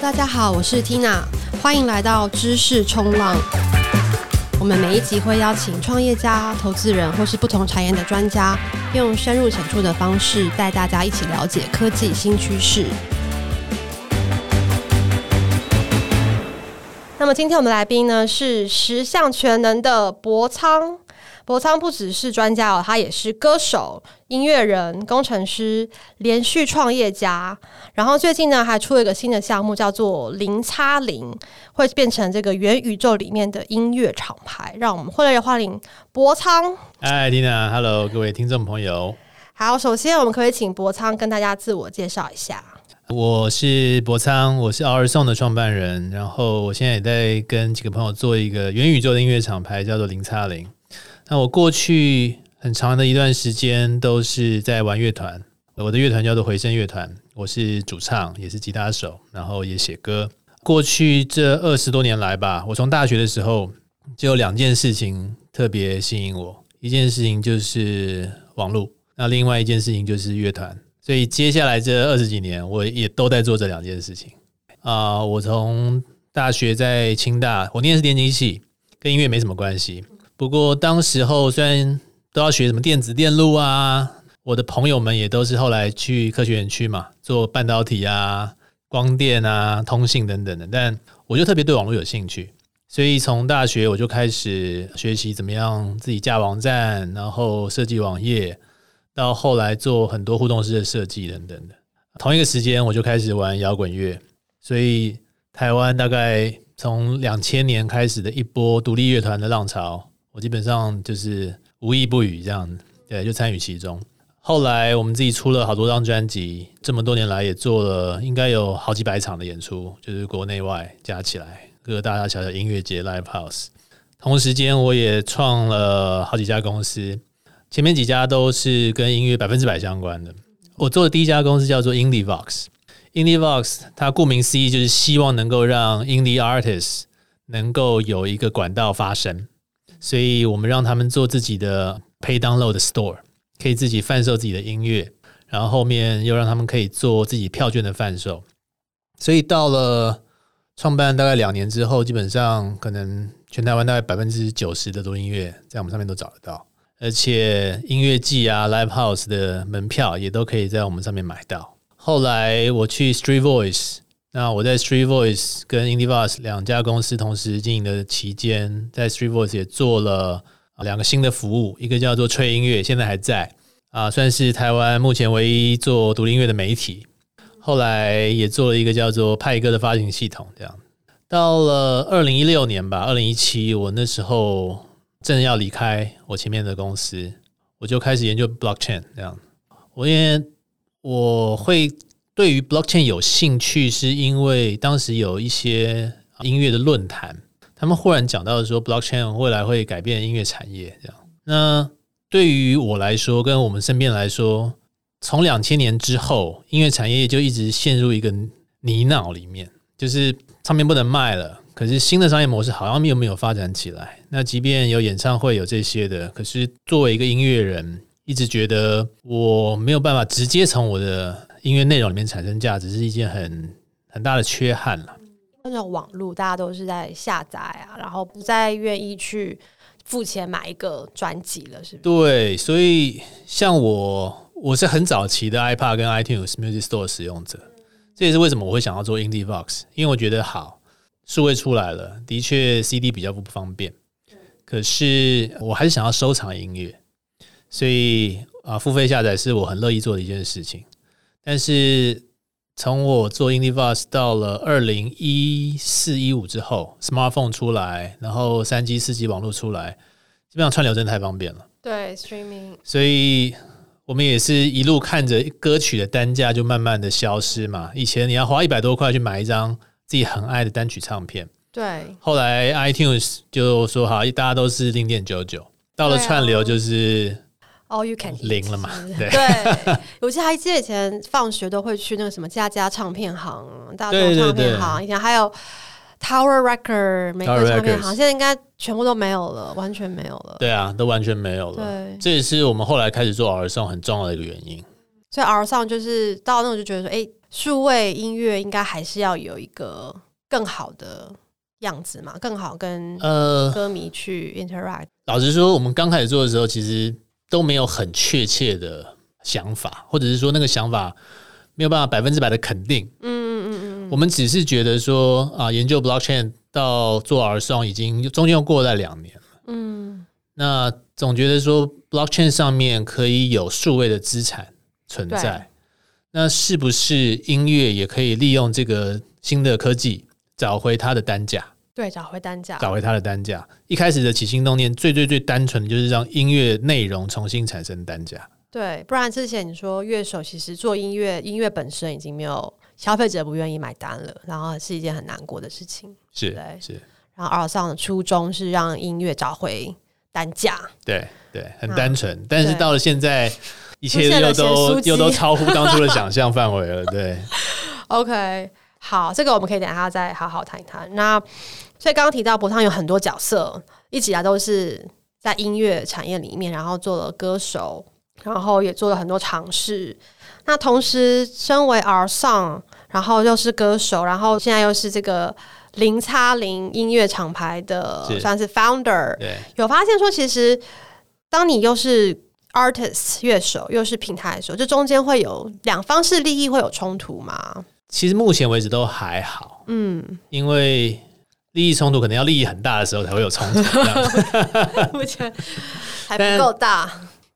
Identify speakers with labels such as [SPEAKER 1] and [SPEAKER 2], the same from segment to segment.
[SPEAKER 1] 大家好，我是 Tina，歡迎來到知識衝浪。我們每一集會邀請創業家、投資人或是不同產業的專家，用深入淺出的方式帶大家一起了解科技新趨勢。那麼今天我們來賓呢，是十項全能的柏蒼。柏蒼不只是專家哦，他也是歌手、音樂人、工程師、連續創業家。然後最近呢，還出了一個新的項目，叫做零叉零，會變成這個元宇宙裡面的音樂廠牌。讓我們來歡迎花林柏蒼。
[SPEAKER 2] 嗨，Tina，hello，各位聽眾朋友，
[SPEAKER 1] 好。首先，我們可，可以請柏蒼跟大家自我介紹一下。
[SPEAKER 2] 我是柏蒼，我是 OurSong 的創辦人，然後我現在也在跟幾個朋友做一個元宇宙的音樂廠牌，叫做零叉零。那我過去很長的一段時間都是在玩樂團，我的樂團叫做回聲樂團，我是主唱，也是吉他手，然後也寫歌。過去這二十多年來吧，我從大學的時候就有兩件事情特別吸引我，一件事情就是網路，那另外一件事情就是樂團。所以接下來這二十幾年，我也都在做這兩件事情。啊，我從大學在清大，我念的是電機系，跟音樂沒什麼關係。不過，當時候雖然都要學什麼電子電路啊，我的朋友們也都是後來去科學園區嘛，做半導體啊、光電啊、通信等等的。但我就特別對網絡有興趣，所以從大學我就開始學習怎麼樣自己架網站，然後設計網頁，到後來做很多互動式的設計等等的。同一個時間，我就開始玩搖滾樂，所以台灣大概從兩千年開始的一波獨立樂團的浪潮。我基本上就是無役不與，這樣，對，就參與其中。後來我們自己出了好多張專輯，這麼多年來也做了應該有好幾百場的演出，就是國內外加起來，各個大大小小音樂節、Live House。同時間，我也創了好幾家公司，前面幾家都是跟音樂百分之百相關的。我做的第一家公司叫做 Indievox，Indievox 它顧名思義就是希望能夠讓 Indie Artists 能夠有一個管道發聲。所以我們讓他們做自己的 pay download store，可以自己販售自己的音樂，然後後面又讓他們可以做自己票券的販售。所以到了創辦大概兩年之後，基本上可能全台灣大概百分之九十的多音樂在我們上面都找得到，而且音樂季啊、live house 的門票也都可以在我們上面買到。後來我去 Street Voice。那我在 Street Voice 跟 indievox 兩家公司同時經營的期間，在 Street Voice 也做了、啊、兩個新的服務，一個叫做吹音樂，現在還在啊，算是台灣目前唯一做獨立音樂的媒體。後來也做了一個叫做派歌的發行系統，這樣。到了二零一六年吧，二零一七，我那時候正要離開我前面的公司，我就開始研究 Blockchain 這樣。我因為我會。對於 blockchain 有興趣，是因為當時有一些音樂的論壇，他們忽然講到說，blockchain 未來會改變音樂產業。這樣，那對於我來說，跟我們身邊來說，從兩千年之後，音樂產業就一直陷入一個泥淖裡面，就是唱片不能賣了，可是新的商業模式好像又沒，沒有發展起來。那即便有演唱會，有這些的，可是作為一個音樂人，一直覺得我沒有辦法直接從我的。音樂內容裡面產生價值是一件很很大的缺憾了。
[SPEAKER 1] 因為網絡，大家都是在下載啊，然後不再願意去付錢買一個專輯了，是不是？
[SPEAKER 2] 對，所以像我，我是很早期的 iPod 跟 iTunes Music Store 使用者，嗯、這也是為什麼我會想要做 iNDIEVOX，因為我覺得好，數位出來了，的確 CD 比較不方便，可是我還是想要收藏音樂，所以啊，付費下載是我很樂意做的一件事情。但是從我做 iNDIEVOX 到了二零一四一五之後，smartphone 出來，然後三 G 四 G 網絡出來，基本上串流真的太方便了。對
[SPEAKER 1] ，Streaming。Stream
[SPEAKER 2] 所以我們也是一路看着歌曲的單價就慢慢的消失嘛。以前你要花一百多塊去買一張自己很愛的單曲唱片。對。後來 iTunes 就說好，大家都是零點九九。到了串流就是。
[SPEAKER 1] all you can eat, 零了嘛。是是對，有些還記得以前放學都會去那個什麼佳佳唱片行，大眾唱片行，對對對，以前還有 Record, Tower Record 玫瑰唱片行，Records. 現在應該全部都沒有了，完全沒有
[SPEAKER 2] 了。對啊，都完全沒有了。對，這也是我們後來開始做 OurSong 很重要的一個原因。
[SPEAKER 1] 所以 OurSong 就是到那我就覺得說，哎、欸，數位音樂應該還是要有一個更好的樣子嘛，更好跟呃歌迷去 interact、呃。
[SPEAKER 2] 老實說，我們剛開始做的時候，其實。都沒有很確切的想法，或者是說那個想法沒有辦法百分之百的肯定。嗯嗯嗯嗯，嗯嗯，我們只是覺得說啊，研究 blockchain 到做 OurSong，已經中間又過了兩年了。嗯，那總覺得說 blockchain 上面可以有數位的資產存在，對那是不是音樂也可以利用這個新的科技找回它的單價？
[SPEAKER 1] 對，找回單價，找回
[SPEAKER 2] 他的單價。一開始的起心動念，最最最單純的就是讓音樂內容重新產生單價。
[SPEAKER 1] 對，不然之前你說樂手其實做音樂，音樂本身已經沒有消費者不願意買單了，然後是一件很難過的事情。是，對對是。然後、R，OurSong 的初衷是讓音樂找回單價。
[SPEAKER 2] 對，對，很單純。但是到了現在，對一切又都，切都又都超乎當初的想象範圍了。對。 對
[SPEAKER 1] OK，好，這個我們可以等一下再好好談一談。那。所以剛剛提到，柏蒼有很多角色，一直以來都是在音樂產業裡面，然後做了歌手，然後也做了很多嘗試。那同時，身為 OurSong，然後又是歌手，然後現在又是這個零叉零音樂廠牌的，是算是 Founder 對。有發現說，其實當你又是 Artist 樂手，又是平台的時候，這中間會有兩方是利益會有衝突嗎？
[SPEAKER 2] 其實目前為止都還好，
[SPEAKER 1] 嗯，
[SPEAKER 2] 因為。利益衝突可能要利益很大的時候才會有衝突，
[SPEAKER 1] 我覺得還不夠大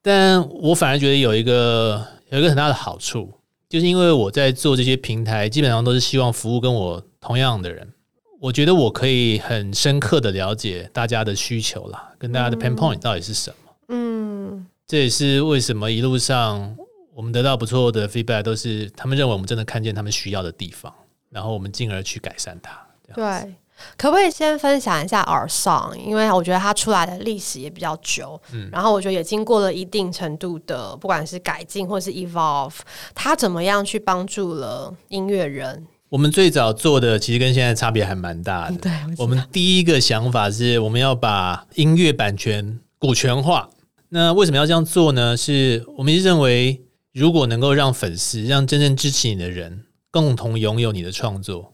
[SPEAKER 1] 但。
[SPEAKER 2] 但我反而覺得有一個有一個很大的好處，就是因為我在做這些平台，基本上都是希望服務跟我同樣的人。我覺得我可以很深刻的了解大家的需求啦，跟大家的 pain point 到底是什麼。嗯，嗯這也是為什麼一路上我們得到不錯的 feedback，都是他們認為我們真的看見他們需要的地方，然後我們進而去改善它。
[SPEAKER 1] 對。可不可以先分享一下 Our Song？因為我覺得它出來的歷史也比較久，嗯，然後我覺得也經過了一定程度的，不管是改進或是 evolve，它怎麼樣去幫助了音樂人？
[SPEAKER 2] 我們最早做的其實跟現在差別還蠻大的。對，我，我們第一個想法是我們要把音樂版權股權化。那為什麼要這樣做呢？是我們認為如果能夠讓粉絲、讓真正支持你的人共同擁有你的創作，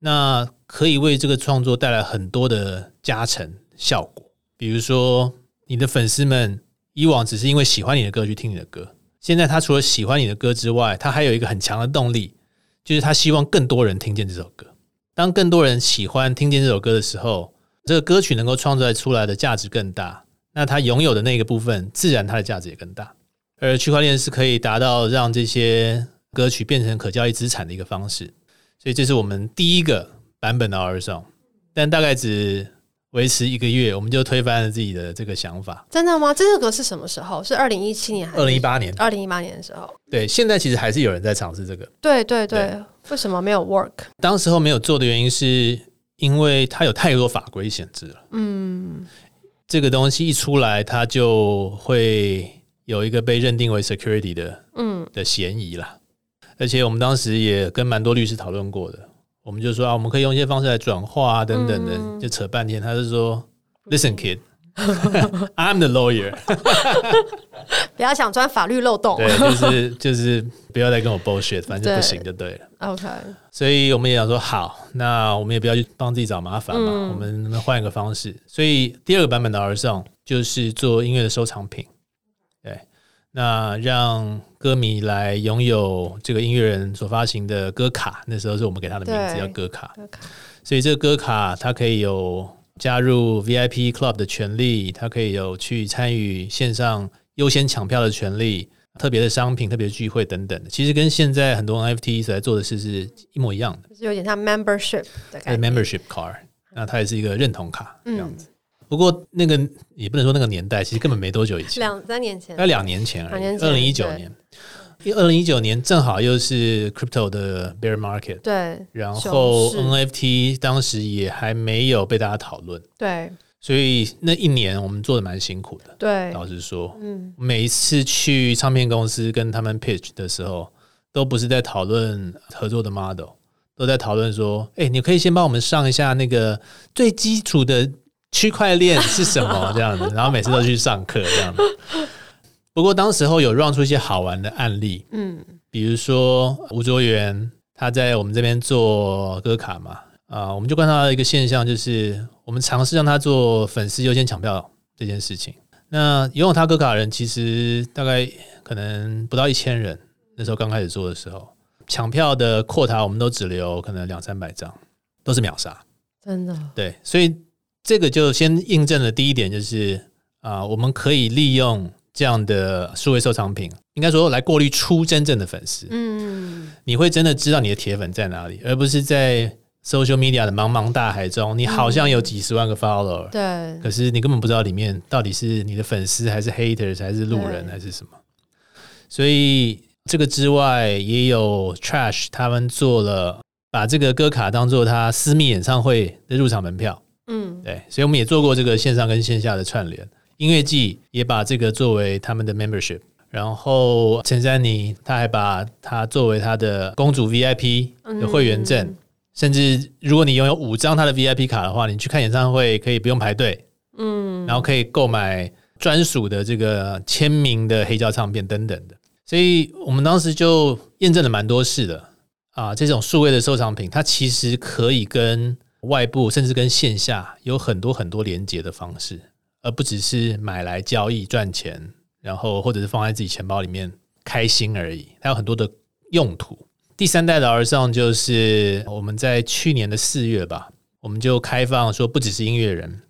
[SPEAKER 2] 那。可以為這個創作帶來很多的加成效果，比如說你的粉絲們以往只是因為喜歡你的歌去聽你的歌，現在他除了喜歡你的歌之外，他還有一個很強的動力，就是他希望更多人聽見這首歌。當更多人喜歡聽見這首歌的時候，這個歌曲能夠創作出來的價值更大，那他擁有的那個部分，自然它的價值也更大。而區塊鏈是可以達到讓這些歌曲變成可交易資產的一個方式，所以這是我們第一個。版本的 OurSong，但大概只維持一個月，我們就推翻了自己的這個想法。
[SPEAKER 1] 真的嗎？這首歌是什麼時候？是二零一七年還是二零一八年？二零一八年的時候。
[SPEAKER 2] 對，現在其實還是有人在嘗試這個。
[SPEAKER 1] 對對對，對，為什麼沒有 work？
[SPEAKER 2] 當時候沒有做的原因，是因為它有太多法規限制了。
[SPEAKER 1] 嗯，
[SPEAKER 2] 這個東西一出來，它就會有一個被認定為 security 的嗯的嫌疑了。而且我們當時也跟蠻多律師討論過的。我們就說啊，我們可以用一些方式來轉化啊，等等的，嗯、就扯半天。他是說，Listen, kid, I'm the lawyer。
[SPEAKER 1] 不要想鑽法律漏洞。對，就是
[SPEAKER 2] 就是，不要再跟我 bullshit，反正就不行就對了。
[SPEAKER 1] 對 OK。
[SPEAKER 2] 所以我們也想說，好，那我們也不要去幫自己找麻煩嘛。嗯、我們換一個方式。所以第二個版本的 n 上就是做音樂的收藏品。那讓歌迷來擁有這個音樂人所發行的歌卡，那時候是我們給他的名字對叫歌卡。歌卡，所以這個歌卡，它可以有加入 VIP club 的權利，它可以有去參與線上優先搶票的權利，特別的商品、特別的聚會等等。其實跟現在很多 NFT 所在做的事是一模一樣的，就是有點像
[SPEAKER 1] membership 的感覺，membership
[SPEAKER 2] card。那它也是一個認同卡這樣子。嗯不過那個也不能說那個年代，其實根本沒多久以前，
[SPEAKER 1] 兩三年前，才
[SPEAKER 2] 兩年前而已。兩年前，二零一九年，因為二零一九年正好又是 crypto 的 bear market，對。然後 NFT 當時也還沒有被大家討論，對。所以那一年我們做的蠻辛苦的，對。老實說，嗯，每一次去唱片公司跟他們 pitch 的時候，都不是在討論合作的 model，都在討論說，哎，你可以先幫我們上一下那個最基礎的。區塊鏈是什麼？這樣子，然後每次都去上課，這樣子。 不過當時候有 run 出一些好玩的案例，嗯，比如說吳卓源他在我們這邊做歌卡嘛，啊，我們就觀察到一個現象，就是我們嘗試讓他做粉絲優先搶票這件事情。那擁有他歌卡的人其實大概可能不到一千人，那時候剛開始做的時候，搶票的 quota 我們都只留可能兩三百張，都是秒殺，
[SPEAKER 1] 真的、
[SPEAKER 2] 哦，對，所以。這個就先印證了第一點，就是啊、呃，我們可以利用這樣的數位收藏品，應該說來過濾出真正的粉絲。嗯，你會真的知道你的鐵粉在哪裡，而不是在 social media 的茫茫大海中，你好像有幾十萬個 follower，嗯、對，可是你根本不知道裡面到底是你的粉絲還是 haters，還是路人、對、還是什麼。所以這個之外，也有 Trash 他們做了，把這個歌卡當做他私密演唱會的入場門票。嗯，對，所以我們也做過這個線上跟線下的串聯，音樂季也把這個作為他們的 membership，然後陳珊妮他還把它作為他的公主 VIP 的會員證，嗯，甚至如果你擁有五張他的 VIP 卡的話，你去看演唱會可以不用排隊，嗯，然後可以購買專屬的這個簽名的黑膠唱片等等的，所以我們當時就驗證了蠻多事的啊，這種數位的收藏品，它其實可以跟。外部甚至跟線下有很多很多連接的方式，而不只是買來交易賺錢，然後或者是放在自己錢包裡面開心而已。它有很多的用途。第三代的 OurSong 就是我們在去年的四月吧，我們就開放說，不只是音樂人，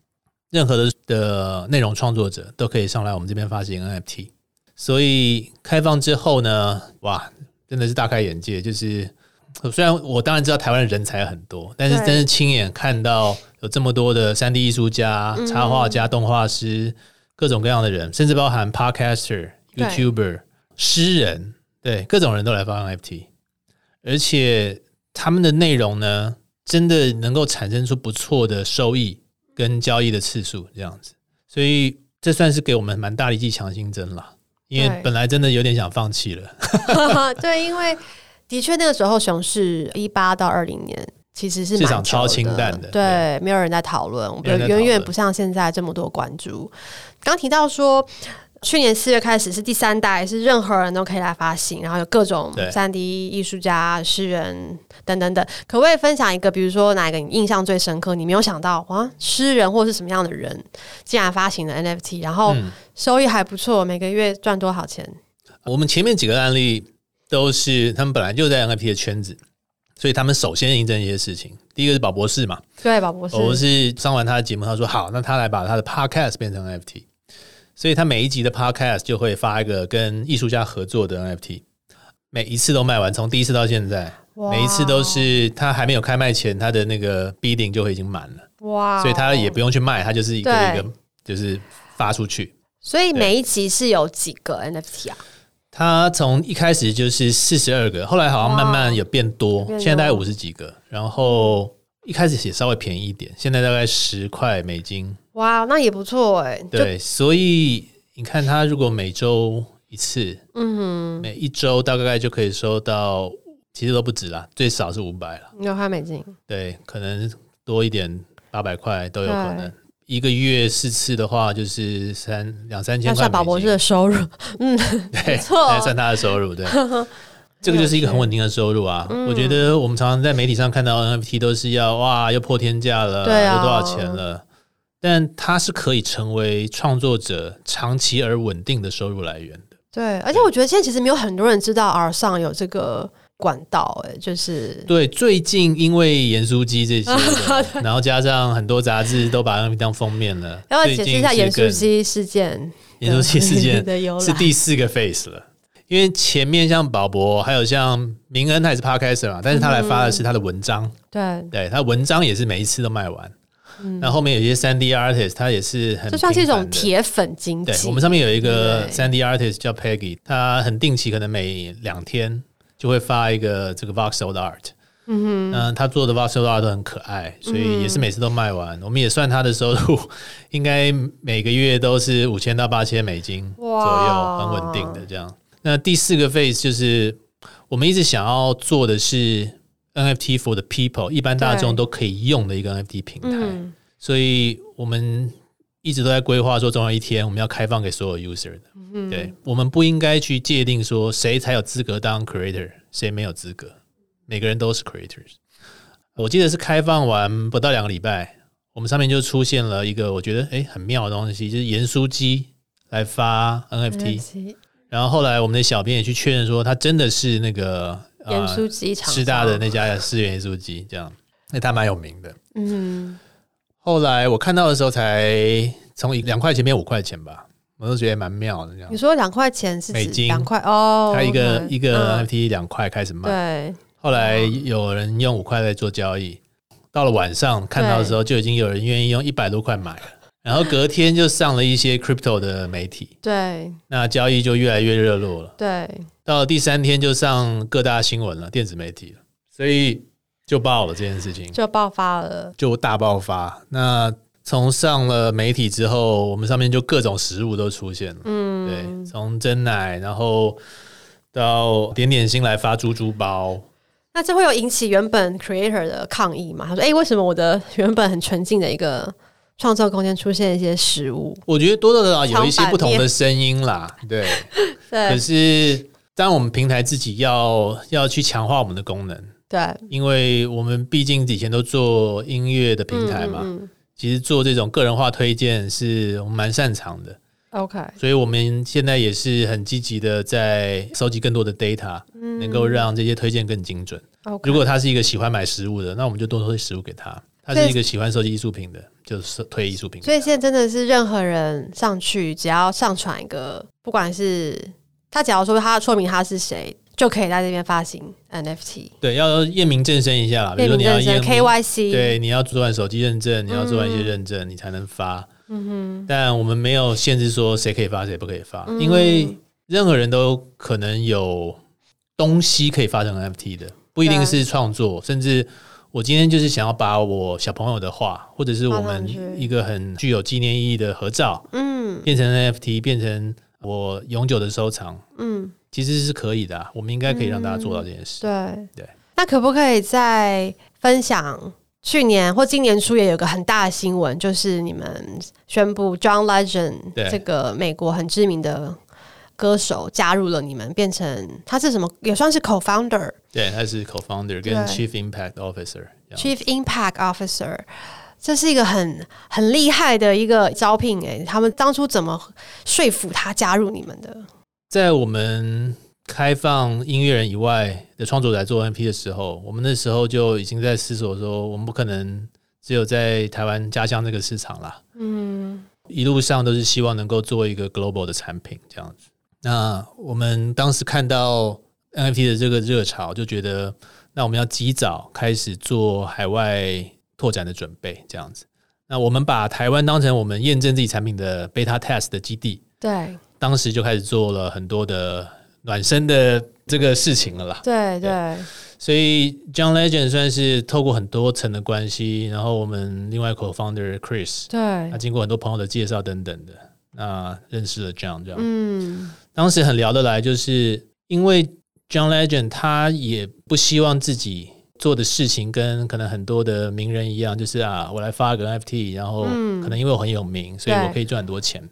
[SPEAKER 2] 任何的的內容創作者都可以上來我們這邊發行 NFT。所以開放之後呢，哇，真的是大開眼界，就是。雖然我當然知道台灣的人才很多，但是真對是親眼看到有這麼多的三 D 藝術家、嗯、插畫家、動畫師，各種各樣的人，甚至包含 Podcaster 對、YouTuber、詩人，對各種人都來發 NFT，而且他們的內容呢，真的能夠產生出不錯的收益跟交易的次數這樣子，所以這算是給我們蠻大的一劑強心針啦，對因為本來真的有點想放棄
[SPEAKER 1] 了。 對，因為。的確，那個時候熊市是一八到二零年，其實是
[SPEAKER 2] 超清淡的，
[SPEAKER 1] 對，對沒有人在討論，遠遠不像現在這麼多關注。剛提到說，去年四月開始是第三代，是任何人都可以來發行，然後有各種三 D 藝術家、詩對人等等等。可不可以分享一個，比如說哪一個你印象最深刻？你沒有想到啊，詩人或是什麼樣的人竟然發行了 NFT，然後收益還不錯，嗯、每個月賺多少錢？
[SPEAKER 2] 我們前面幾個案例。都是他們本來就在 NFT 的圈子，所以他們首先印證一些事情。第一個是寶博士嘛，
[SPEAKER 1] 對，寶博士，寶博士
[SPEAKER 2] 上完他的節目，他說好，那他來把他的 Podcast 變成 NFT。所以他每一集的 Podcast 就會發一個跟藝術家合作的 NFT，每一次都賣完，從第一次到現在，Wow 每一次都是他還沒有開賣前，他的那個 Bidding 就會已經滿
[SPEAKER 1] 了，哇 Wow！所以他
[SPEAKER 2] 也不用去賣，他就是一個一個就是發出去。
[SPEAKER 1] 對所以每一集是有幾個 NFT 啊？
[SPEAKER 2] 它從一開始就是四十二個，後來好像慢慢有變多，變現在大概五十幾個。然後一開始也稍微便宜一點，現在大概十塊美金。
[SPEAKER 1] 哇，那也不錯哎、欸。對，
[SPEAKER 2] 所以你看，它如果每週一次，嗯哼，
[SPEAKER 1] 每一
[SPEAKER 2] 週大概就可以收到，其實都不止了，最少是五百
[SPEAKER 1] 了，要花美金。
[SPEAKER 2] 對，可能多一點八百塊都有可能。一個月四次的話，就是三兩三千塊。算
[SPEAKER 1] 寶博士的收入，嗯，沒錯，
[SPEAKER 2] 算他的收入，
[SPEAKER 1] 對，這個就是一個很穩
[SPEAKER 2] 定的收入啊。我覺得我們常常在媒體上看到 NFT 都是要哇，又破天價了，又多少錢了，但它是可以成為創作者長期而穩定的收入來源的。
[SPEAKER 1] 對，而且我覺得現在其實沒有很多人知道 R 上有這個。管道哎、欸，就是
[SPEAKER 2] 對，最近因為顏書機這些， 然後加上很多雜誌都把它們當封面了。 要不要解釋一下顏書
[SPEAKER 1] 機事件對，顏書機事件是第
[SPEAKER 2] 四個 face 了， 來因為前面像寶博，還有像明恩，他也是 podcast 嘛，但是他來發的是他的文章，嗯嗯對，對他文章也是每一次都賣完。那、嗯、後面有些三 D artist，他也是很就像是
[SPEAKER 1] 一種鐵粉經濟，對我們
[SPEAKER 2] 上面有一個三 D artist 叫 Peggy，對他很定期，可能每兩天。就會發一個這個 Vox old Art，嗯哼那他做的 Vox old Art 都很可愛，所以也是每次都賣完。嗯、我們也算他的收入，應該每個月都是五千到八千美金左右，哇很穩定的這樣。那第四個 Phase 就是，我們一直想要做的是 NFT for the people，一般大眾都可以用的一個 NFT 平台，嗯、所以我們。一直都在規劃說，總有一天我們要開放給所有 user 的。嗯、對，我們不應該去界定說，誰才有資格當 creator，誰沒有資格，每個人都是 creators。我記得是開放完不到兩個禮拜，我們上面就出現了一個我覺得誒很妙的東西，就是鹽酥雞來發 NFT。然後後來我們的小編也去確認說，他真的是那個
[SPEAKER 1] 呃鹽酥雞、啊，師、呃、大的
[SPEAKER 2] 那家師鹽酥雞，這樣，那他蠻有名的。嗯。後來我看到的時候，才從兩塊錢變五塊錢吧，我都覺得蠻妙的這
[SPEAKER 1] 樣。你說兩塊錢是美金？兩塊哦？它一個
[SPEAKER 2] 一個 NFT 兩塊開始賣，
[SPEAKER 1] 對。
[SPEAKER 2] 後來有人用五塊在做交易，到了晚上看到的時候，就已經有人願意用一百多塊買了。然後隔天就上了一些 crypto 的媒體，
[SPEAKER 1] 對。
[SPEAKER 2] 那交易就越來越熱絡了，對。到了第三天就上各大新聞了，電子媒體了，所以。就爆了這件事情，就
[SPEAKER 1] 爆發了，
[SPEAKER 2] 就大爆發。那從上了媒體之後，我們上面就各種食物都出現了。嗯，對，從珍奶，然後到點點心來發豬豬包，
[SPEAKER 1] 那這會有引起原本 creator 的抗議嗎？他說：“哎、欸，為什麼我的原本很純淨的一個創造空間出現一些食物？”
[SPEAKER 2] 我覺得多多少少有一些不同的聲音啦。對， 對。可是，當我們平台自己要要去強化我們的功能。對，因為我們畢竟以前都做音樂的平台嘛，嗯嗯嗯、其實做這種個人化推薦是我們蠻擅長的。OK，所以我們現在也是很積極的在收集更多的 data、嗯、能夠讓這些推薦更精準。Okay 如果他是一個喜歡買食物的，那我們就多推食物給他；他是一個喜歡收集藝術品的，以就是推藝術品。所
[SPEAKER 1] 以現在真的是任何人上去，只要上傳一個，不管是他，只要說他要說明他是誰。就可以在這邊發行 NFT，
[SPEAKER 2] 對，要驗明正身一下，比如說你要驗 KYC，對，你要做完手機認證，你要做完一些認證，嗯、你才能發。嗯哼，但我們沒有限制說誰可以發，誰不可以發，嗯、因為任何人都可能有東西可以發成 NFT 的，不一定是創作，對甚至我今天就是想要把我小朋友的畫，或者是我們一個很具有紀念意義的合照，嗯，變成 NFT，變成，我永久的收藏，嗯，其實是可以的，我們應該可以讓大家做到這件事。對、嗯、
[SPEAKER 1] 對，對，那可不可以再分享去年或今年初也有個很大的新聞，就是你們宣布 John Legend 對這個美國很知名的歌手加入了你們，變成他是什麼，也算是 Co-founder，
[SPEAKER 2] 對，他是 Co-founder 跟 Chief Impact Officer，Chief
[SPEAKER 1] Impact Officer。這是一個很很厲害的一個招聘哎、欸，他們當初怎麼說服他加入你們的？
[SPEAKER 2] 在我們開放音樂人以外的創作者來做 NFT 的時候，我們那時候就已經在思索說，我們不可能只有在台灣家鄉這個市場啦。嗯，一路上都是希望能夠做一個 global 的產品這樣子。那我們當時看到 NFT 的這個熱潮，就覺得那我們要及早開始做海外。拓展的準備這樣子，那我們把台灣當成我們驗證自己產品的貝塔 Test 的基地。對，當時就開始做了很多的暖身的這個事情了啦。對
[SPEAKER 1] 對，對
[SPEAKER 2] 所以 John Legend 算是透過很多層的關係，然後我們另外一個 co-founder Chris，對，他經過很多朋友的介紹等等的，那認識了 John 這樣。嗯，當時很聊得來，就是因為 John Legend 他也不希望自己。做的事情跟可能很多的名人一樣，就是啊，我來發個 NFT，然後可能因為我很有名，嗯、所以我可以賺很多錢。對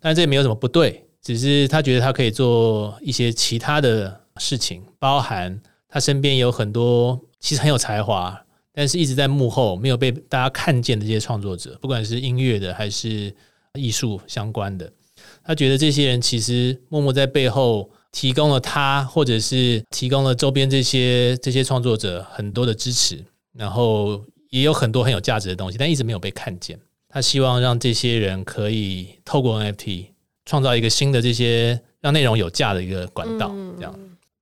[SPEAKER 2] 但這也沒有什麼不對，只是他覺得他可以做一些其他的事情，包含他身邊有很多其實很有才華，但是一直在幕後沒有被大家看見的這些創作者，不管是音樂的還是藝術相關的，他覺得這些人其實默默在背後，提供了他，或者是提供了周邊這些這些創作者很多的支持，然後也有很多很有價值的東西，但一直沒有被看見。他希望讓這些人可以透過 NFT 創造一個新的這些讓內容有價的一個管道。嗯、這樣，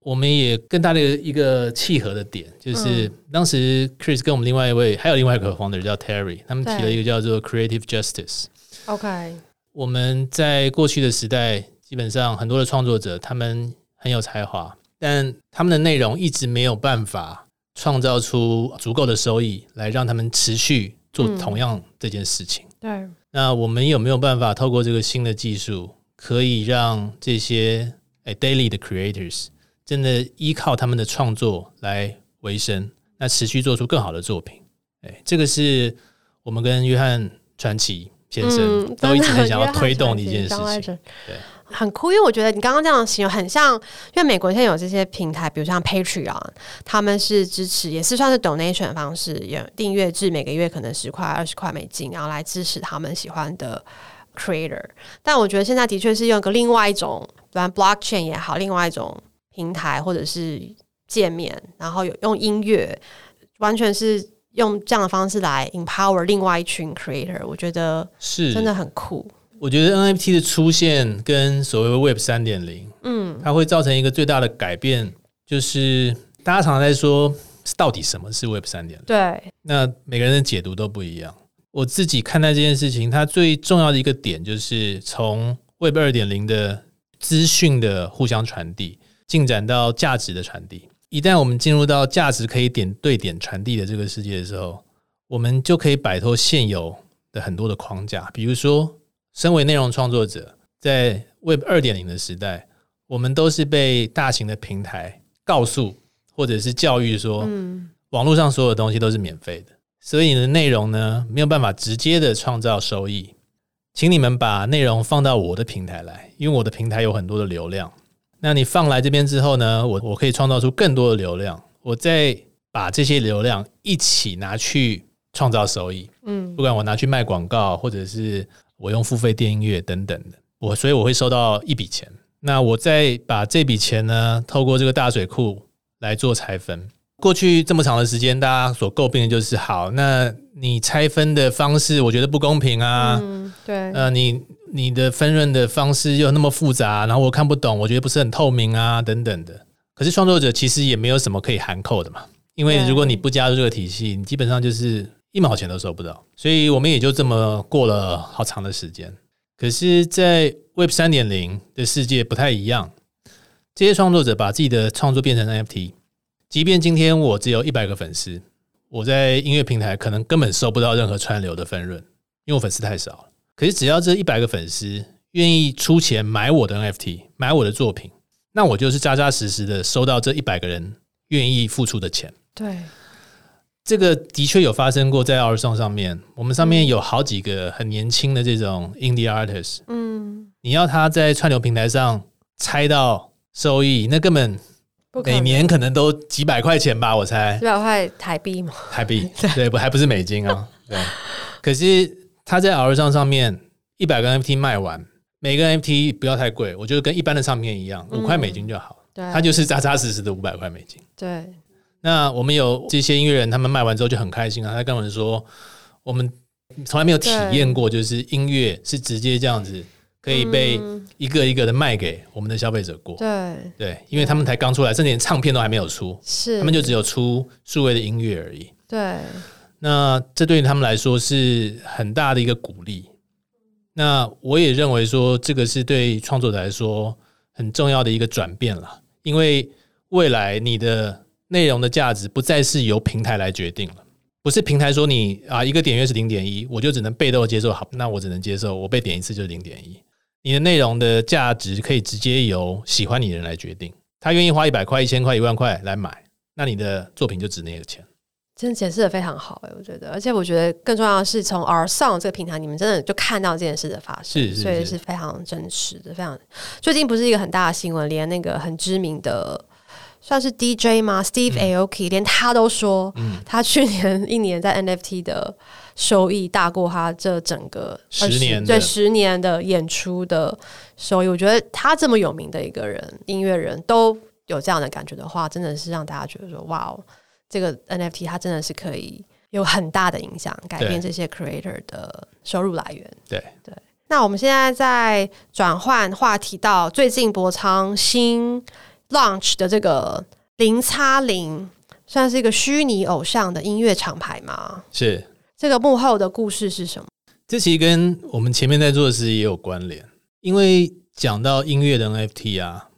[SPEAKER 2] 我們也更大的一個契合的點就是，當時 Chris 跟我們另外一位還有另外一個 founder 叫 Terry，他們提了一個叫做 Creative Justice。OK，我們在過去的時代。基本上很多的創作者他們很有才華，但他們的內容一直沒有辦法創造出足夠的收益來讓他們持續做同樣這件事情。嗯、對，那我們有沒有辦法透過這個新的技術，可以讓這些誒、哎、daily 的 creators 真的依靠他們的創作來維生，那持續做出更好的作品？誒、哎，這個是我們跟約翰傳奇先生、嗯、都一直很想要推動的一件事情。對。
[SPEAKER 1] 很酷，因為我覺得你剛剛這樣形容很像，因為美國現在有這些平台，比如像 Patreon，他們是支持也是算是 donation 方式，有訂閱制，每個月可能十塊、二十塊美金，然後來支持他們喜歡的 creator。但我覺得現在的確是用一個另外一種，不然 blockchain 也好，另外一種平台或者是界面，然後有用音樂，完全是用這樣的方式來 empower 另外一群 creator。我覺得是真的很酷。
[SPEAKER 2] 我覺得 NFT 的出現跟所謂 Web 三點零，嗯，它會造成一個最大的改變，就是大家常常在說，到底什麼是 Web 三點零？對，那每個人的解讀都不一樣。我自己看待這件事情，它最重要的一個點就是從 Web 二點零的資訊的互相傳遞，進展到價值的傳遞。一旦我們進入到價值可以點對點傳遞的這個世界的時候，我們就可以擺脫現有的很多的框架，比如說。身為內容創作者，在 Web 二點零的時代，我們都是被大型的平台告訴或者是教育說，嗯，網絡上所有的東西都是免費的，所以你的內容呢沒有辦法直接的創造收益。請你們把內容放到我的平台來，因為我的平台有很多的流量。那你放來這邊之後呢，我我可以創造出更多的流量，我再把這些流量一起拿去創造收益。嗯，不管我拿去賣廣告或者是。我用付費電音樂等等的，我所以我會收到一筆錢，那我再把這筆錢呢，透過這個大水庫來做拆分。過去這麼長的時間，大家所詬病的就是好，那你拆分的方式，我覺得不公平啊。嗯、對，呃，你你的分潤的方式又那麼複雜，然後我看不懂，我覺得不是很透明啊，等等的。可是創作者其實也沒有什麼可以函扣的嘛，因為如果你不加入這個體系，對你基本上就是。一毛錢都收不到，所以我們也就這麼過了好長的時間。可是，在 Web 三點零的世界不太一樣，這些創作者把自己的創作變成 NFT。即便今天我只有一百個粉絲，我在音樂平台可能根本收不到任何串流的分潤，因為我粉絲太少了。可是，只要這一百個粉絲願意出錢買我的 NFT，買我的作品，那我就是扎扎實實的收到這一百個人願意付出的錢。對。這個的確有發生過在 OurSong 上面，我們上面有好幾個很年輕的這種 indie artist。嗯，你要他在串流平台上猜到收益，那根本每年可能都幾百塊錢吧，我猜。幾
[SPEAKER 1] 百塊台幣嘛？
[SPEAKER 2] 台幣對，對不？還不是美金啊？對。 可是他在 OurSong 上面一百個 NFT 賣完，每個 NFT 不要太貴，我覺得跟一般的唱片一樣，五塊美金就好。嗯、對，他就是扎扎實實的五百塊美金。對。那我們有這些音樂人，他們賣完之後就很開心啊！他跟我們說，我們從來沒有體驗過，就是音樂是直接這樣子可以被一個一個的賣給我們的消費者過。對對，因為他們才剛出來，甚至連唱片都還沒有出，是他們就只有出數位的音樂而已。對，那這對於他們來說是很大的一個鼓勵。那我也認為說，這個是對創作者來說很重要的一個轉變了，因為未來你的。內容的價值不再是由平台來決定了，不是平台說你啊一個點閱是零點一，我就只能被動接受，好，那我只能接受我被點一次就零點一。你的內容的價值可以直接由喜歡你的人來決定，他願意花一百塊、一千塊、一萬塊來買，那你的作品就值那個錢。
[SPEAKER 1] 真的解釋得非常好，欸，我覺得，而且我覺得更重要的是從 OurSong 這個平台，你們真的就看到這件事的發生，是，所以是非常真實的，非常最近不是一個很大的新聞，連那個很知名的。算是 DJ 嗎？Steve Aoki、嗯、連他都說，嗯、他去年一年在 NFT 的收益大過他這整個十,十年對十年的演出的收益。我覺得他這麼有名的一個人，音樂人都有這樣的感覺的話，真的是讓大家覺得說，哇哦，這個 NFT 他真的是可以有很大的影響，改變這些 creator 的收入來源。對對。對那我們現在在轉換話題到最近柏蒼新。Launch 的這個 0x0 算是一個虛擬偶像的音樂廠牌嗎？是。這個幕後的故事是什麼？
[SPEAKER 2] 這其實跟我們前面在做的事也有關聯，因為講到音樂的 NFT 啊，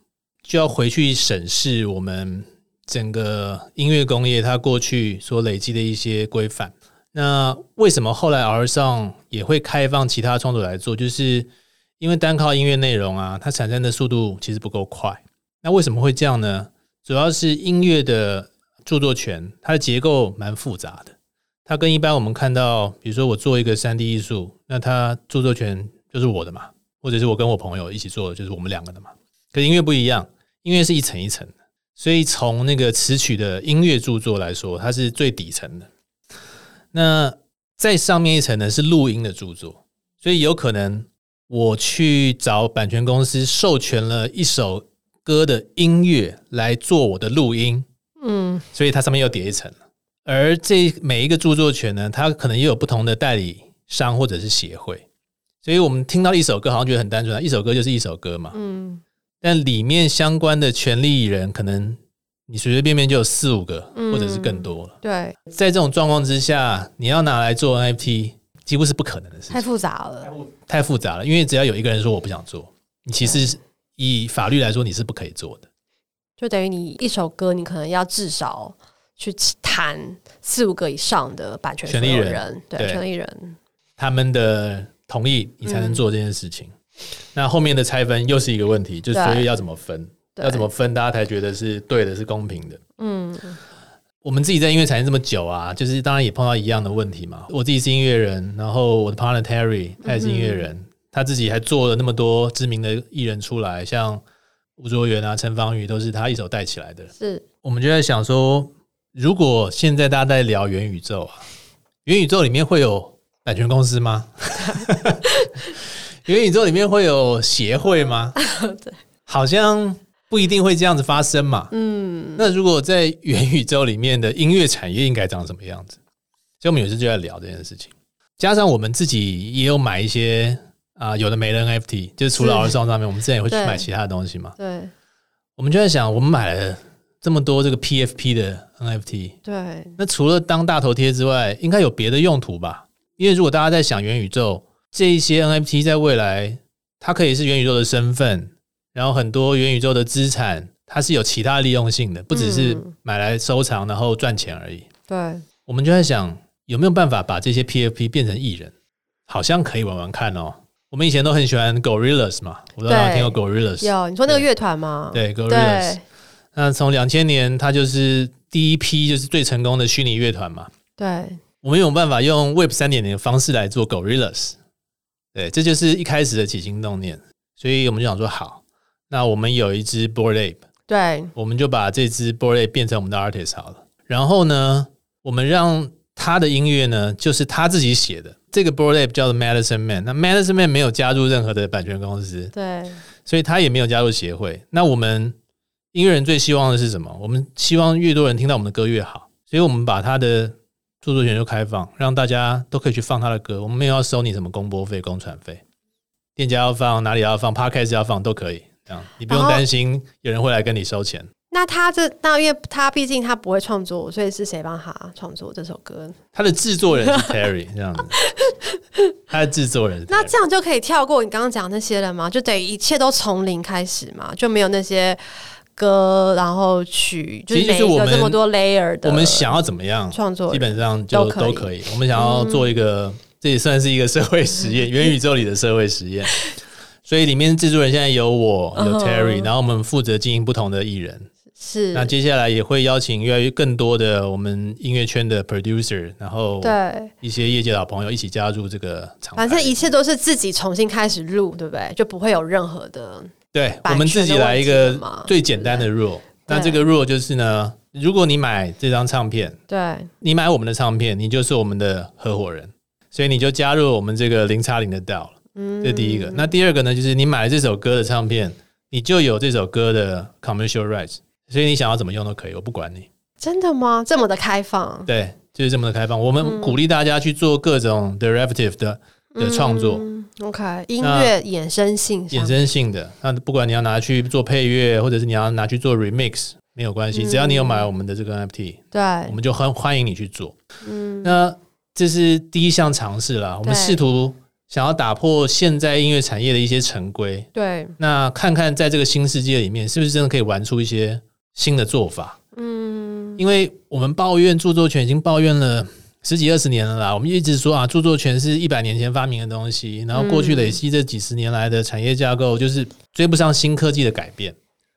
[SPEAKER 2] 就要回去審視我們整個音樂工業它過去所累積的一些規範。那為什麼後來 OurSong 也會開放其他創作來做？就是因為單靠音樂內容啊，它產生的速度其實不夠快。那為什麼會這樣呢？主要是音樂的著作權，它的結構蠻複雜的。它跟一般我們看到，比如說我做一個三 D 藝術，那它著作權就是我的嘛，或者是我跟我朋友一起做的，就是我們兩個的嘛。可音樂不一樣，音樂是一層一層，所以從那個詞曲的音樂著作來說，它是最底層的。那在上面一層呢是錄音的著作，所以有可能我去找版權公司授權了一首。歌的音樂來做我的錄音，嗯，所以它上面又疊一層。而這每一個著作權呢，它可能也有不同的代理商或者是協會，所以我們聽到一首歌，好像覺得很單純，一首歌就是一首歌嘛，嗯。但裡面相關的權利人，可能你隨隨便便就有四五個，或者是更多。嗯。對，在這種狀況之下，你要拿來做 NFT，幾乎是不可能的
[SPEAKER 1] 事情。太複雜了，
[SPEAKER 2] 太複雜了，因為只要有一個人說我不想做，你其實是。以法律來說，你是不可以做的。
[SPEAKER 1] 就等於你一首歌，你可能要至少去談四五個以上的版權的權利人，對，對權利人
[SPEAKER 2] 他們的同意，你才能做這件事情。嗯、那後面的拆分又是一個問題，嗯、就是所以要怎麼分，對要怎麼分，大家才覺得是對的、是公平的。嗯，我們自己在音樂產業這麼久啊，就是當然也碰到一樣的問題嘛。我自己是音樂人，然後我的 partner Terry 他也是音樂人。嗯他自己還做了那麼多知名的藝人出來，像吳卓源啊、陳芳語都是他一手帶起來的。是我們就在想說，如果現在大家在聊元宇宙啊，元宇宙裡面會有版權公司嗎？ 元宇宙裡面會有協會嗎？ 對好像不一定會這樣子發生嘛。嗯，那如果在元宇宙裡面的音樂產業應該長什麼樣子？所以我們有時就在聊這件事情，加上我們自己也有買一些。啊、呃，有的沒的 NFT，就是除了 OurSong 上面，是我們之前也會去買其他的東西嘛。對，我們就在想，我們買了這麼多這個 PFP 的 NFT，對，那除了當大頭貼之外，應該有別的用途吧？因為如果大家在想元宇宙，這一些 NFT 在未來，它可以是元宇宙的身份，然後很多元宇宙的資產，它是有其他利用性的，不只是買來收藏然後賺錢而已。嗯、對，我們就在想有沒有辦法把這些 PFP 變成藝人，好像可以玩玩看哦。我們以前都很喜歡 Gorillaz 嘛，我都好像聽過 Gorillaz。有，
[SPEAKER 1] 你說那個樂團嘛？對，Gorillaz。Gor 對，
[SPEAKER 2] 那從兩千年，它就是第一批，就是最成功的虛擬樂團嘛。對。我們有辦法用 Web 三點零的方式來做 Gorillaz？對，這就是一開始的起心動念。所以我們就想說，好，那我們有一支 Bored Ape。對。我們就把這支 Bored Ape 變成我們的 Artist 好了。然後呢，我們讓他的音樂呢，就是他自己寫的。這個 board app 叫做 Madison Man，那 Madison Man 沒有加入任何的版權公司，對，所以他也沒有加入協會。那我們音樂人最希望的是什麼？我們希望越多人聽到我們的歌越好，所以我們把他的著作權就開放，讓大家都可以去放他的歌。我們沒有要收你什麼公播費、公傳費，店家要放哪裡要放，podcast 要放都可以，這樣你不用擔心有人會來跟你收錢。
[SPEAKER 1] 那他這那，因為他畢竟他不會創作，所以是誰幫他創作這首歌？
[SPEAKER 2] 他的製作人是 Terry 這樣的， 他的製作人。
[SPEAKER 1] 那這樣就可以跳過你剛剛講的那些了嗎？就等於一切都從零開始嘛，就沒有那些歌，然後曲，就每一個 er、其實就是我們這麼多 layer 的，我們想
[SPEAKER 2] 要怎麼樣創作，基本上就都可以。嗯、我們想要做一個，這也算是一個社會實驗，嗯、元宇宙裡的社會實驗。 所以裡面製作人現在有我，有 Terry、uh huh. 然後我們負責經營不同的藝人。是，那接下來也會邀請越來越更多的我們音樂圈的 producer，然後對一些業界老朋友一起加入這個廠
[SPEAKER 1] 牌，反正一切都是自己重新開始錄，對不對？就不會有任何的，
[SPEAKER 2] 的對，我們自己來一個最簡單的 rule。那這個 rule 就是呢，如果你買這張唱片，對，你買我們的唱片，你就是我們的合夥人，所以你就加入我們這個 0x0 的 deal，嗯，這第一個。那第二個呢，就是你買了這首歌的唱片，你就有這首歌的 commercial rights。所以你想要怎麼用都可以，我不管你。
[SPEAKER 1] 真的嗎？這麼的開放？
[SPEAKER 2] 對，就是這麼的開放。我們鼓勵大家去做各種 derivative 的、
[SPEAKER 1] 嗯、的創作。嗯、OK，那音樂衍生性，衍生
[SPEAKER 2] 性的。那不管你要拿去做配樂，或者是你要拿去做 remix，沒有關係，嗯、只要你有買我們的這個 NFT，對，我們就很歡迎你去做。嗯，那這是第一項嘗試啦。我們試圖想要打破現在音樂產業的一些陳規。對，那看看在這個新世界裡面，是不是真的可以玩出一些。新的做法，嗯，因為我們抱怨著作權已經抱怨了十幾二十年了啦，我們一直說啊，著作權是一百年前發明的東西，然後過去累積這幾十年來的產業架構，就是追不上新科技的改變。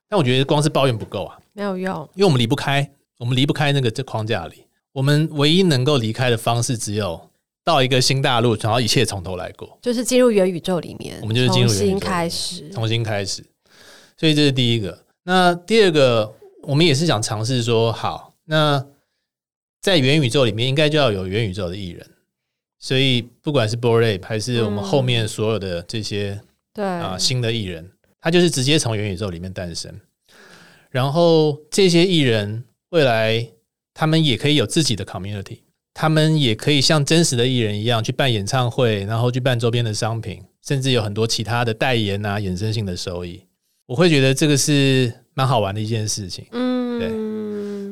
[SPEAKER 2] 但我覺得光是抱怨不夠啊，
[SPEAKER 1] 沒有用，
[SPEAKER 2] 因為我們離不開，我們離不開那個這框架裡，我們唯一能夠離開的方式，只有到一個新大陸，然後一切從頭來過，
[SPEAKER 1] 就是進入元宇宙裡面，我們就是進入元宇宙裡面重新開始，
[SPEAKER 2] 重新開始。所以這是第一個，那第二個。我們也是想嘗試說，好，那在元宇宙裡面應該就要有元宇宙的藝人，所以不管是 Borle 還是我們後面所有的這些，嗯、
[SPEAKER 1] 對啊，
[SPEAKER 2] 新的藝人，他就是直接從元宇宙裡面誕生。然後這些藝人未來他們也可以有自己的 community，他們也可以像真實的藝人一樣去辦演唱會，然後去辦周邊的商品，甚至有很多其他的代言啊、衍生性的收益。我會覺得這個是。蠻好玩的一件事情，嗯，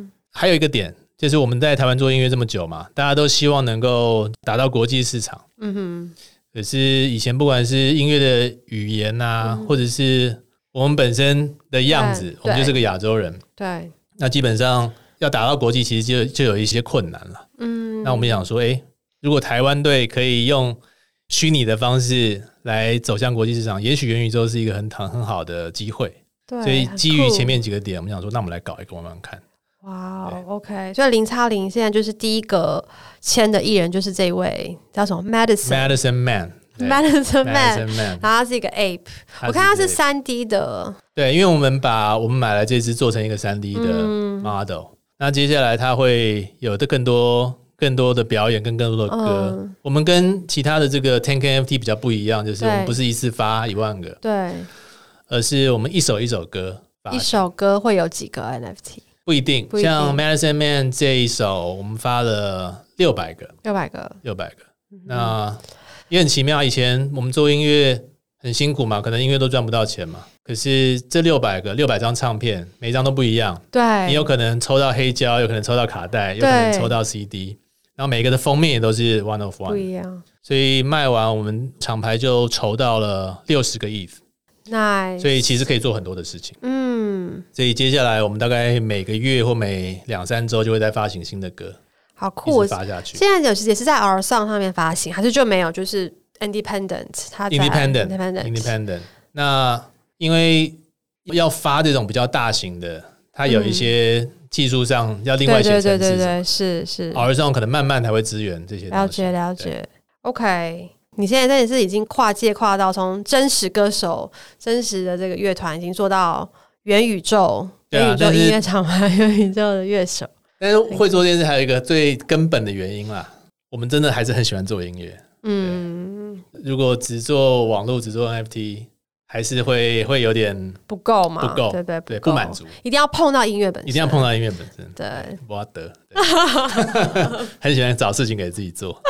[SPEAKER 2] 對。還有一個點就是我們在台灣做音樂這麼久嘛，大家都希望能夠打到國際市場，嗯哼。可是以前不管是音樂的語言吶、啊，嗯、哼或者是我們本身的樣子，對我們就是個亞洲人，對。對那基本上要打到國際，其實就就有一些困難
[SPEAKER 1] 了，嗯。那我們想
[SPEAKER 2] 說，哎、欸，如果台灣隊可以用虛擬的方式來走向國際市場，也許元宇宙是一個很很很好的機會。所以基於前面幾個點，我們想說，那我們來搞一個，玩玩看。
[SPEAKER 1] 哇，OK，所以 0x0 現在就是第一個簽的藝人就是這位叫什麼 Madison，Madison Man，Madison Man，然後他是一個 Ape，我看他是三 D 的。
[SPEAKER 2] 對。因為我們把我們買來這支做成一個三 D 的 model，那接下來他會有的更多更多的表演跟更多的歌。我們跟其他的這個 10K NFT 比較不一樣，就是我們不是一次發一萬個。對。而是我們一首一首歌，一
[SPEAKER 1] 首歌會有幾個 NFT？不一定，
[SPEAKER 2] 不一定。像 Madison Man 這一首，我們發了六百個，六百個，六百個。嗯、哼那也很奇妙。以前我們做音樂很辛苦嘛，可能音樂都賺不到錢嘛。可是這六百個六百張唱片，每張都不一樣。對，你有可能抽到黑膠，有可能抽到卡帶，有可能抽到 CD 對。然後每個的封面也都是 One of One 不一樣。所以賣完，我們廠牌就籌到了六十個 ETH。
[SPEAKER 1] 那 Nice 所以
[SPEAKER 2] 其實可以做很多的事情。
[SPEAKER 1] 嗯，
[SPEAKER 2] 所以接下來我們大概每個月或每兩三周就會再發行新的歌。
[SPEAKER 1] 好酷，我發下去。現在有時也是在 OurSong 上面發行，還是就沒有？就是 Independent, 它 Independent，它 Independence
[SPEAKER 2] Independent，Independent。那因為要發這種比較大型的，它有一些技術上要另外一些支
[SPEAKER 1] 持。是是，OurSong
[SPEAKER 2] 可能慢慢才會支援這些了。了解
[SPEAKER 1] 了解對，OK。你現在真的是已經跨界，跨到從真實歌手、真實的這個樂團，已經做到元宇宙、元宇宙音樂廠牌、元宇宙的樂手。但是會
[SPEAKER 2] 做這件事還有一個最根本的原因啦，我們真的還是很喜歡做音樂。嗯，如果只做網絡、只做 NFT，還是會會有點
[SPEAKER 1] 不夠嘛？不夠，對對對，不滿足，一定要碰到音樂本身，一定要碰到音樂本身。對，
[SPEAKER 2] 我得，很喜歡找事情給自己做。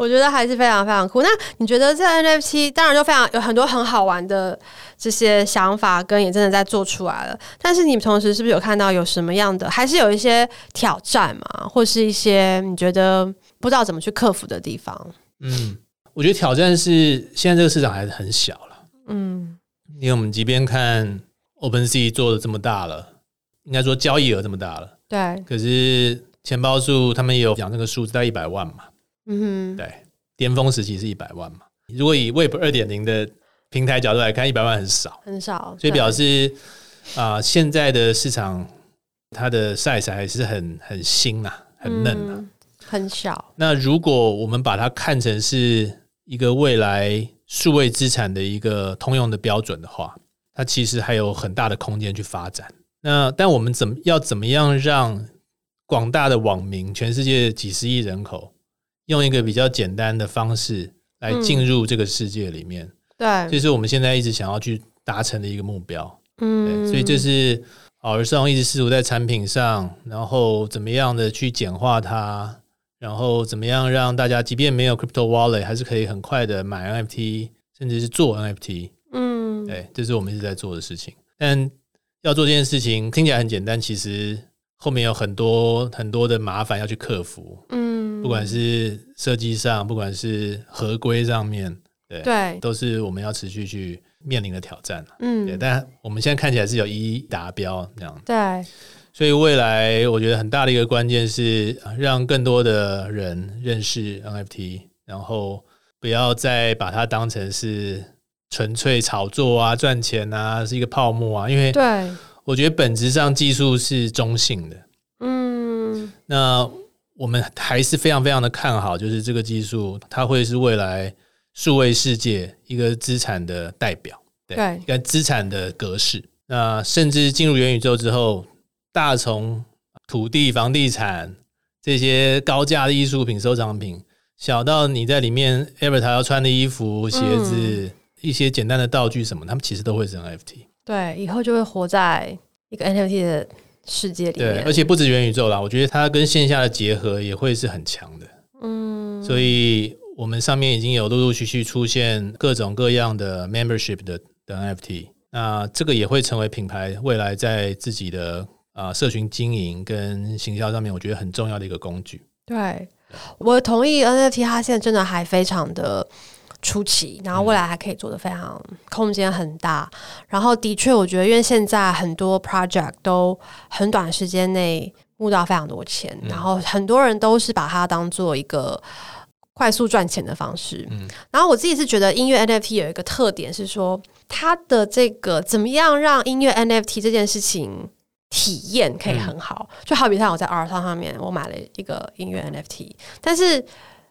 [SPEAKER 1] 我覺得還是非常非常酷。那你覺得在 NFT 當然就非常有很多很好玩的這些想法，跟也真的在做出來了。但是你們同時是不是有看到有什麼樣的，還是有一些挑戰嘛，或是一些你覺得不知道怎麼去克服的地方？
[SPEAKER 2] 嗯，我覺得挑戰是現在這個市場還是很小
[SPEAKER 1] 了。
[SPEAKER 2] 嗯，因為我們即便看 OpenSea 做的這麼大了，應該說交易額這麼大了，對。可是錢包數他們有講那個數字在一百萬嘛。嗯哼，對，巔峰時期是一百萬嘛？如果以 Web 二點零的平台角度來看，一百萬很少，
[SPEAKER 1] 很少，所以表示
[SPEAKER 2] 啊、呃，現在的市場它的 size 還是很很新啊，很嫩
[SPEAKER 1] 啊，嗯、很小。
[SPEAKER 2] 那如果我們把它看成是一個未來數位資產的一個通用的標準的話，它其實還有很大的空間去發展。那但我們怎麼要怎麼樣讓廣大的網民，全世界幾十億人口，用一個比較簡單的方式來進入這個世界裡面，
[SPEAKER 1] 嗯，對，這是
[SPEAKER 2] 我們現在一直想要去達成的一個目標。嗯，
[SPEAKER 1] 對，所以這
[SPEAKER 2] 是、OurSong 一直試圖在產品上，然後怎麼樣的去簡化它，然後怎麼樣讓大家，即便沒有 crypto wallet，還是可以很快的買 NFT，甚至是做 NFT。嗯，對，這是我們一直在做的事情。但要做這件事情聽起來很簡單，其實。後面有很多很多的麻煩要去克服，嗯，不管是設計上，不管是合規上面，對，對，都是我們要持續去面臨的挑戰，嗯，對，但我們現在看起來是有一達標這樣，對，所以未來我覺得很大的一個關鍵是讓更多的人認識 NFT，然後不要再把它當成是純粹炒作啊、賺錢啊，是一個泡沫啊，因為對。我覺得本質上技術是中性的，嗯，那我們還是非常非常的看好，就是這個技術它會是未來數位世界一個資產的代表，對，對一個資產的格式。那甚至進入元宇宙之後，大從土地、房地產這些高價的藝術品、收藏品，小到你在裡面 Avatar 要穿的衣服、鞋子，嗯、一些簡單的道具什麼，他們其實都會是 NFT。
[SPEAKER 1] 對，以後就會活在一個 NFT 的世界裡面。對，而且
[SPEAKER 2] 不止元宇宙啦，我覺得它跟線下的結合也會是很強的。嗯，所以我們上面已經有陸陸續續出現各種各樣的 membership 的的 NFT，那這個也會成為品牌未來在自己的啊、呃、社群經營跟行銷上面，我覺得很重要的一個工具。
[SPEAKER 1] 對，我同意 NFT，它現在真的還非常的。初期，然後未來還可以做得非常，嗯、空間很大。然後的確，我覺得因為現在很多 project 都很短時間內募到非常多錢，嗯、然後很多人都是把它當做一個快速賺錢的方式。嗯，然後我自己是覺得音樂 NFT 有一個特點是說，它的這個怎麼樣讓音樂 NFT 這件事情體驗可以很好，嗯、就好比像我在 OurSong 上面，我買了一個音樂 NFT，但是。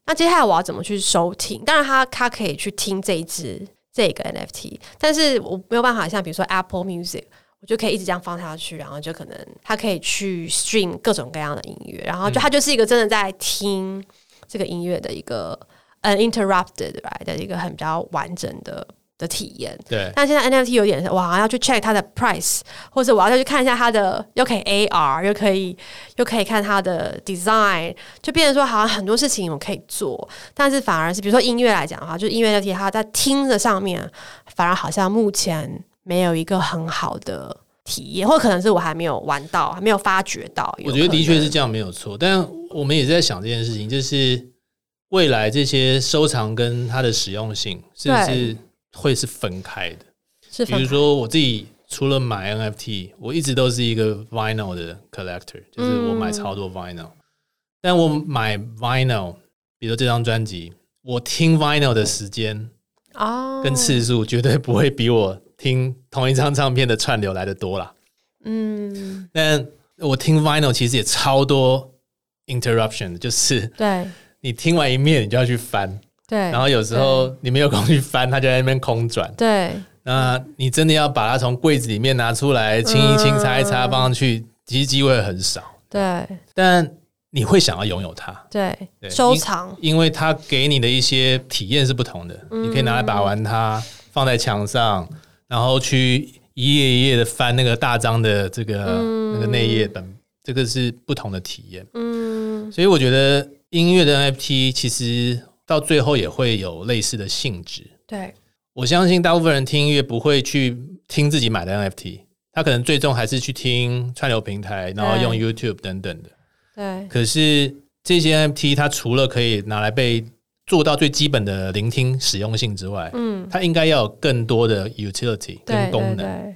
[SPEAKER 1] 那、啊、接下來我要怎麼去收聽？當然，他他可以去聽這一支這個 NFT，但是我沒有辦法像比如說 Apple Music，我就可以一直這樣放下去，然後就可能他可以去 stream 各種各樣的音樂，然後就他就是一個真的在聽這個音樂的一個 uninterrupted、right? 的一個很比較完整的。的體驗，對，但現在 NFT 有點哇，我好像要去 check 它的 price，或者我要再去看一下它的，又可以 AR，又可以又可以看它的 design，就變成說好像很多事情我可以做，但是反而是比如說音樂來講的話，就音樂 NFT，它在聽的上面反而好像目前沒有一個很好的體驗，或可能是我還沒有玩到，還沒有發覺到。我覺得的確是這樣，
[SPEAKER 2] 沒有錯。但我們也是在想這件事情，就是未來這些收藏跟它的實用性，是不是。會是分開的，開比如說我自己除了買 NFT，我一直都是一個 Vinyl 的 collector，就是我買超多 Vinyl。嗯，但我買 Vinyl，比如這張專輯，我聽 Vinyl 的時間跟次數絕對不會比我聽同一張唱片的串流來得多啦。嗯，但我聽 Vinyl 其實也超多 interruption，就是對，你聽完一面，你就要去翻。對，然後有時候你沒有空去翻，它就在那邊空轉。對，那你真的要把它從櫃子裡面拿出來，清一清擦一擦，放上去，其實機會很少。對，但你會想要擁有它。對，收藏，因為它給你的一些體驗是不同的。你可以拿來把玩它，放在牆上，然後去一頁一頁的翻那個大張的這個那個內頁本，這個是不同的體驗。嗯，所以我覺得音樂的 NFT 其實。到最後也會有類似的性質。對，我相信大部分人聽音樂不會去聽自己買的 NFT，他可能最終還是去聽串流平台，然後用 YouTube 等等的。對。對。可是這些 NFT 它除了可以拿來被做到最基本的聆聽使用性之外，嗯，它應該要有更多的 utility 跟功能。對對對。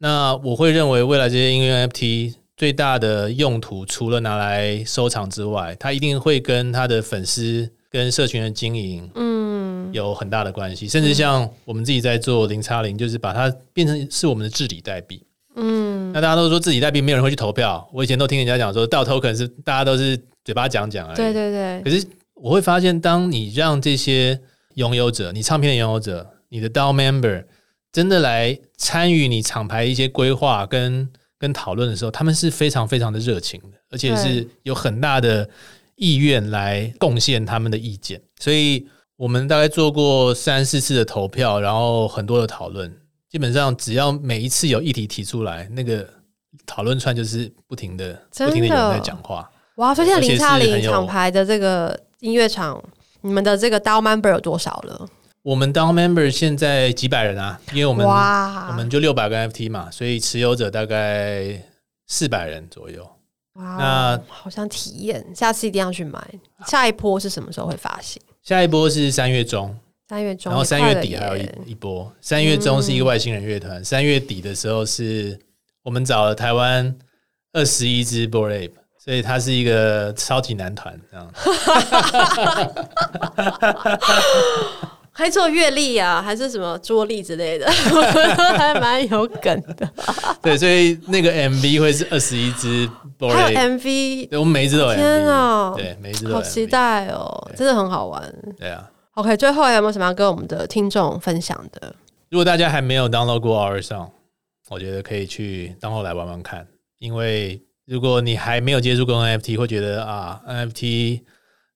[SPEAKER 2] 那我會認為未來這些音樂 NFT 最大的用途，除了拿來收藏之外，它一定會跟他的粉絲。跟社群的經營，嗯，有很大的關係。嗯、甚至像我們自己在做 0x0，就是把它變成是我們的治理代幣，嗯。那大家都說治理代幣，沒有人會去投票。我以前都聽人家講說，說到頭可能是大家都是嘴巴講講而已。對對對。可是我會發現，當你讓這些擁有者，你唱片的擁有者，你的 DAO member 真的來參與你廠牌一些規劃跟跟討論的時候，他們是非常非常的熱情的，而且是有很大的。意願來貢獻他們的意見，所以我們大概做過三四次的投票，然後很多的討論。基本上只要每一次有議題提出來，那個討論串就是不停的、不停的有人在講話。
[SPEAKER 1] 哇！所以在零叉零廠牌的這個音樂廠，你們的這個 DAO member 有多少了？
[SPEAKER 2] 我們 DAO member 現在幾百人啊，因為我們哇我們就六百個 FT 嘛，所以持有者大概四百人左右。哇，wow, 那
[SPEAKER 1] 好想體驗，下次一定要去買。下一波是什麼時候會發行？
[SPEAKER 2] 下一波是三月中，
[SPEAKER 1] 三月中，然後三月底還有一
[SPEAKER 2] 一波。三月中是一個外星人樂團，嗯、三月底的時候是我們找了台灣二十一支 boyband，所以他是一個超級男團這樣。
[SPEAKER 1] 還做月曆啊，還是什麼桌曆之類的，我覺得還蠻有梗的。
[SPEAKER 2] 對，所以那個 MV 會是二十一支，還有 MV，我們每一支都有天啊，對，每一支都有好期
[SPEAKER 1] 待哦，對真的很好玩。
[SPEAKER 2] 對
[SPEAKER 1] 啊，OK，最後還有沒有什麼要跟我們的聽眾分享的？
[SPEAKER 2] 如果大家還沒有 download 過 OurSong，我覺得可以去 download 來玩玩看，因為如果你還沒有接觸過 NFT，會覺得啊，NFT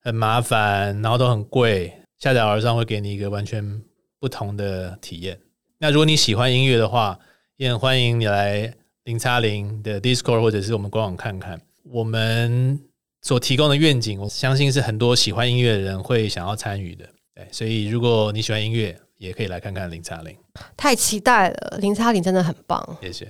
[SPEAKER 2] 很麻煩，然後都很貴。下載而上會給你一個完全不同的體驗。那如果你喜歡音樂的話，也很歡迎你來 0x0 的 Discord 或者是我們官網看看我們所提供的願景。我相信是很多喜歡音樂的人會想要參與的。對，所以如果你喜歡音樂，也可以來看看 0x0。
[SPEAKER 1] 太期待了，0x0 真的很棒。謝謝。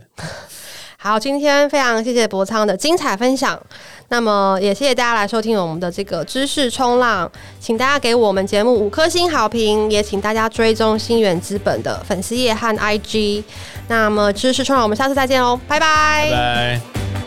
[SPEAKER 1] 好，今天非常謝謝柏蒼的精彩分享。那麼也謝謝大家來收聽我們的這個知識衝浪，請大家給我們節目五顆星好評，也請大家追蹤新源資本的粉絲頁和 IG。那麼知識衝浪，我們下次再見哦，拜拜，拜拜。